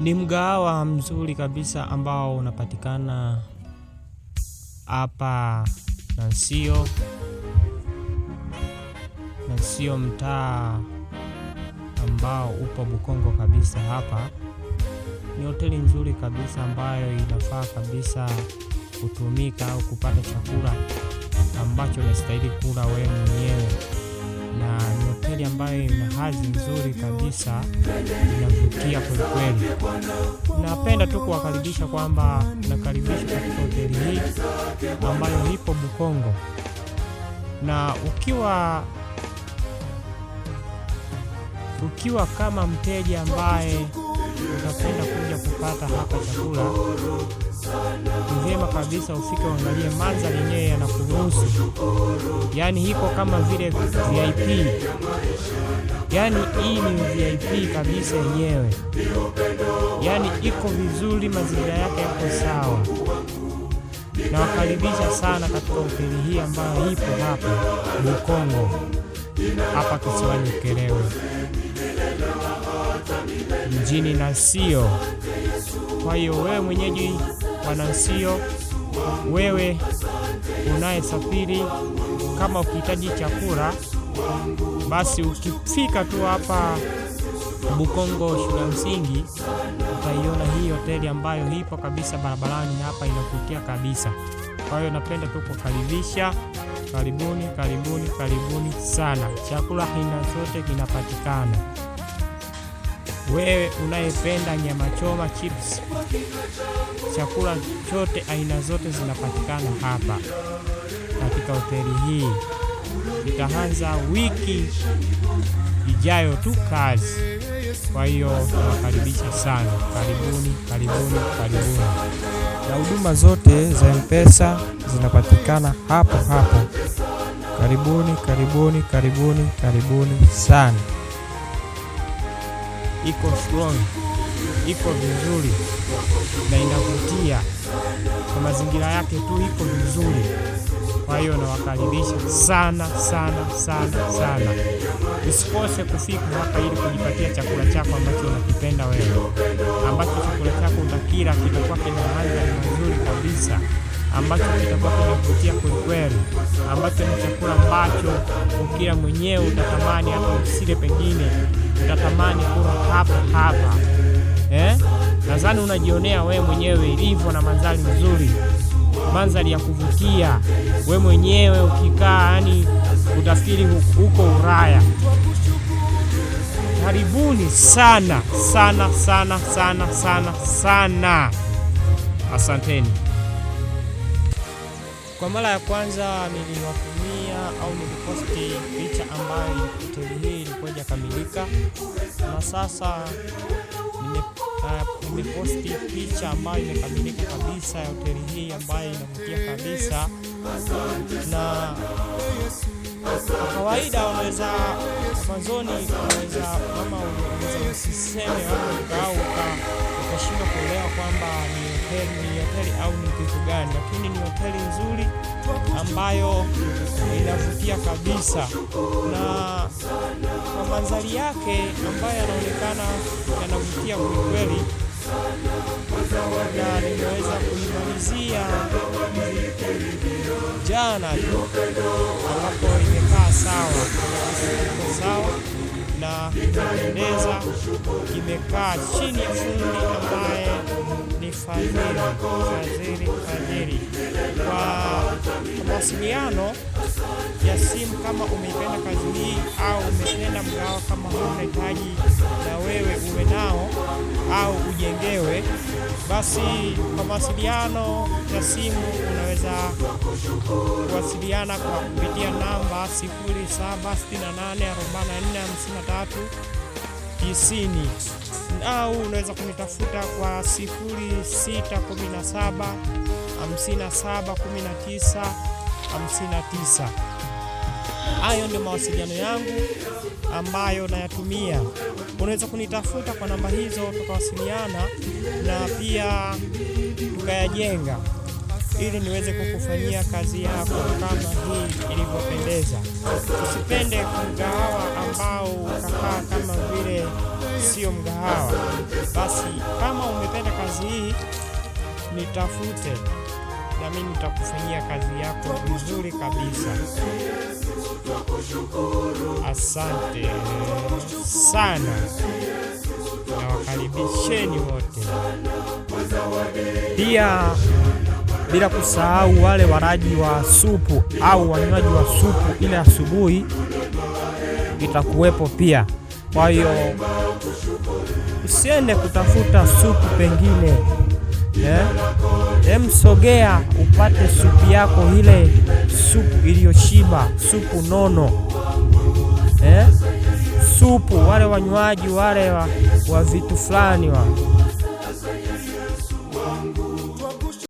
Ni mgahawa mzuri kabisa ambao unapatikana hapa Nansio, Nansio mtaa ambao upo Bukongo kabisa. Hapa ni hoteli nzuri kabisa ambayo inafaa kabisa kutumika au kupata chakula ambacho unastahili kula wewe mwenyewe na ni hoteli ambayo ina hadhi nzuri kabisa, inavutia kwelikweli. Napenda tu kuwakaribisha kwamba nakaribisha katika hoteli hii ambayo ipo Bukongo, na ukiwa ukiwa kama mteja ambaye utapenda kuja kupata hapa chakula vyema kabisa, ufike uangalie mandhari yenyewe yanakuruhusu, yaani hiko kama vile VIP, yaani hii ni VIP kabisa yenyewe, yaani iko vizuri, mazingira yake yako sawa. Nawakaribisha sana katika hoteli hii ambayo ipo hapa Bukongo hapa kisiwani Ukerewe mjini Nasio. Kwa hiyo wewe mwenyeji wa Nasio, wewe unayesafiri, kama ukihitaji chakula, basi ukifika tu hapa Bukongo shule ya msingi utaiona hii hoteli ambayo ipo kabisa barabarani na hapa inakutia kabisa. Kwa hiyo napenda tu kukaribisha, karibuni karibuni karibuni sana. Chakula aina zote kinapatikana. Wewe unayependa nyama choma, chips, chakula chote aina zote zinapatikana hapa katika hoteli hii. Itaanza wiki ijayo tu kazi. Kwa hiyo nawakaribisha sana, karibuni, karibuni, karibuni. Na huduma zote za mpesa zinapatikana hapo hapo. Karibuni, karibuni, karibuni, karibuni sana iko strong, iko vizuri na inavutia kwa mazingira yake tu, iko vizuri. Kwa hiyo nawakaribisha sana sana sana sana, usikose kufika hapa ili kujipatia chakula chako ambacho unakipenda wewe, ambacho chakula chako utakila kitakuwa kina mandhari mazuri kabisa, ambacho kitakuwa kinavutia kwelikweli, ambacho ni chakula ambacho ukila mwenyewe utatamani hata usile, pengine utatamani kula hapa hapa eh? Nadhani unajionea wewe mwenyewe ilivyo na mandhari nzuri, mandhari ya kuvutia. We mwenyewe ukikaa, yani utafikiri huko Ulaya. Karibuni sana sana sana sana sana sana, asanteni. Kwa mara ya kwanza niliwatumia au niliposti picha ambayo hoteli hii ilikuwa ijakamilika, na sasa eh, nimeposti picha ambayo imekamilika kabisa ya hoteli hii ambayo inavutia kabisa, na kwa kawaida unaweza mwanzoni, unaweza kama unaweza usiseme au utashindwa kuelewa kwamba ni hoteli ni hoteli au ni kitu gani, lakini ni hoteli nzuri ambayo inavutia kabisa, na kwa mandhari yake ambayo yanaonekana yanavutia kwelikweli, na nimeweza kuimalizia jana ambapo imekaa sawa, sawa kupendeza kimekaa chini ya fundi ambaye ni Fadhili Fadhili Fadhili. Kwa mawasiliano ya simu, kama umeipenda kazi hii au umependa mgawa kama unahitaji na wewe uwe nao au ujengewe, basi kwa mawasiliano ya simu unaweza kuwasiliana kwa kupitia namba 0768445390 au unaweza kunitafuta kwa 0617571959. Hayo ndio mawasiliano yangu ambayo nayatumia. Unaweza kunitafuta kwa namba hizo tukawasiliana na pia tukayajenga ili niweze kukufanyia kazi yako kama hii ilivyopendeza. Usipende mgahawa ambao ukakaa kama vile sio mgahawa. Basi kama umependa kazi hii, nitafute nami nitakufanyia kazi yako vizuri kabisa. Asante sana na wakaribisheni wote pia bila kusahau wale walaji wa supu au wanywaji wa supu ile asubuhi itakuwepo pia. Kwa hiyo usiende kutafuta supu pengine eh? Emsogea upate supu yako, ile supu iliyoshiba, supu nono eh? Supu wale wanywaji wale wa, wa vitu fulani wa